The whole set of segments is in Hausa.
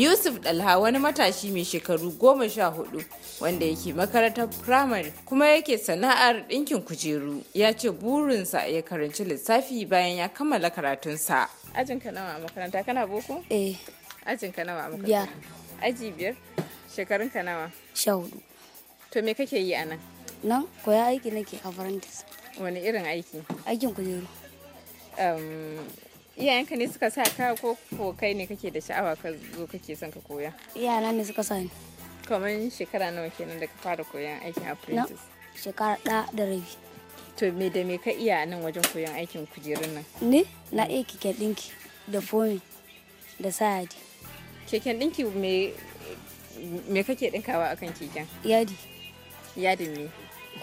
Yusuf Dalha wani matashi mai shekaru goma sha hudu wanda yake makarantar firamare kuma yake sana'ar ɗinkin kujeru ya ce burinsa ya karanci lissafi bayan ya kammala karatunsa. Ajinka nawa a makaranta kana boko? Eh. Ajinka nawa a makaranta? Biyar. Aji biyar? Shekarunka nawa? Sha hudu. To me kake yi a nan? Nan koya aiki nake a Wani irin aiki? Aikin kujeru. Um, iyayenka ne suka sa ka ko ko kai ne kake da sha'awa ka zo kake son ka koya iyana ne suka sa ni kamar shekara nawa kenan da ka fara koyan aikin apprentice shekara da da rabi to me da me ka iya nan wajen koyan aikin kujerun nan ni na iya keken dinki da fomi da saadi. keken dinki me me kake dinkawa akan keken yadi yadi me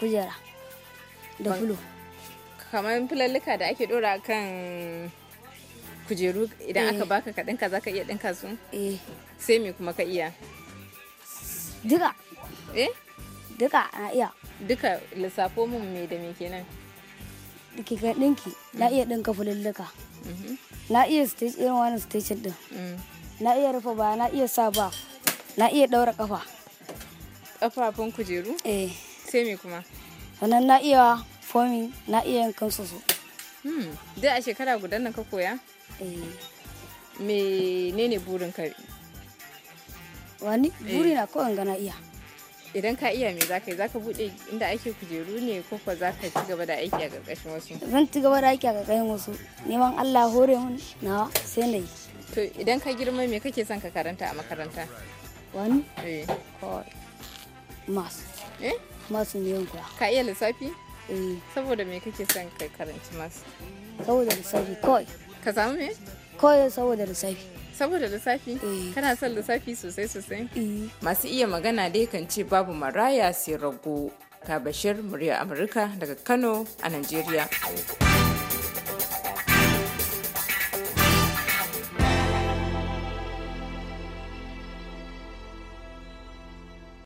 kujera da fulo kamar filalluka da ake ɗora kan kujeru idan aka eh. baka ka dinka zaka iya ɗin kasu? Eh. sai me kuma ka iya duka eh duka na iya duka lissafo mun me da me kenan ga ɗinki na iya ka fulilluka mhm. na iya stage irin wani stage ɗin mm. na iya rufe ba na iya sa ba na iya ɗaura ƙafa. Ƙafafun kujeru eh sai me kuma sannan na iya fomi na iya yin kansu su hmm. duk a shekara gudanar nan ka koya Eh, menene burin ka wani eh. buri na kowane gana iya idan ka iya me zaka yi zaka bude inda ake kujeru ne ko ko zaka ci gaba da aiki a karkashin wasu zan ci gaba da aiki a karkashin wasu neman Allah hore mun nawa sai na yi to idan ka girma me kake son ka karanta a makaranta wani eh ko mas eh mas ne ka iya lissafi eh saboda me kake son ka karanci mas saboda lissafi kawai ka samu me koyo saboda lissafi saboda lissafi eh. kana son lissafi sosai sosai eh. masu iya magana dai kan ce babu maraya sai rago ka bashir murya amurka daga kano a najeriya